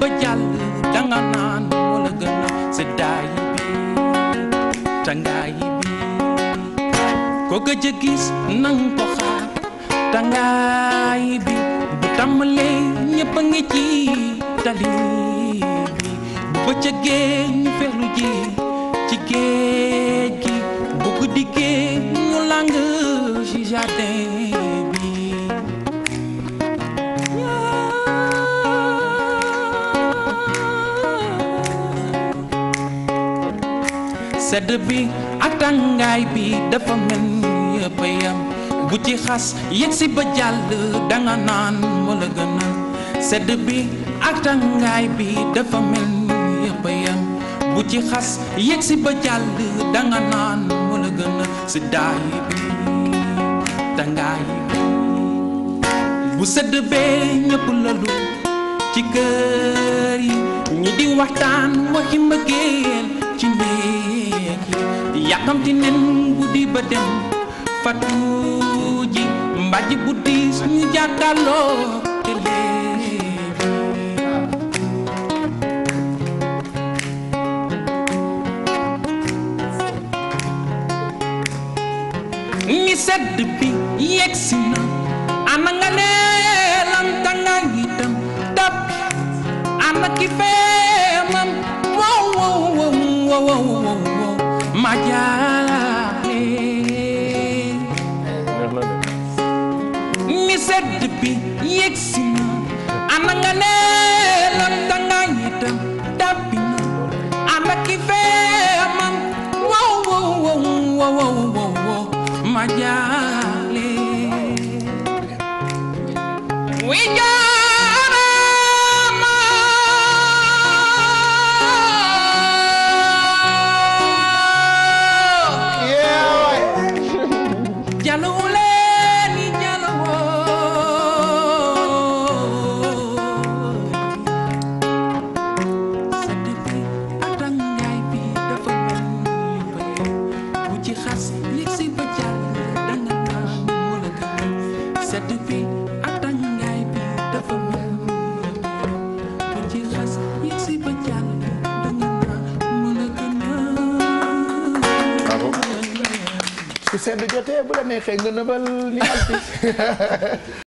ba jàll danga naan moo la gën a seddaay bi tàngaay bi ko gëj nang ko tàngaay bi bu tàmmalee ñëpp a ngi ci tali bi bu bëccëgee ñu feelu ji ci géej gi bu guddikee ñu làng ci jardin sedd bi ak tàngaay bi dafa mel ni yëpp a yem bu ci xas yegg ba jàll danga naan ma la sedd bi ak tàngaay bi dafa mel ni yëpp a bu ci xas yegg ba jàll danga naan ma la gënal bi tàngaay bi bu sedd bee ñëpp lalu ci kër yi ñi di waxtaan waxi mbëggeel yàkkamti nen guddi ba dem fatu ji mbàjj guddi suñu jàkkaarloo ni sedd bi yegg si na ana nga ne lanta nga ngi dem dab ana ki feemam wow wow wow wow wow majaale mi sedd bi yegg si na ana nga ne lan danga itam dabbi na ana ki fee man wow wow wow wow wow wow majaale wi sedd bi ak tàngaay bi dafa mel ba ci xas yi si ba jàll danga naa mën a gën a su sedd jotee bu la neexee nga nëbal ni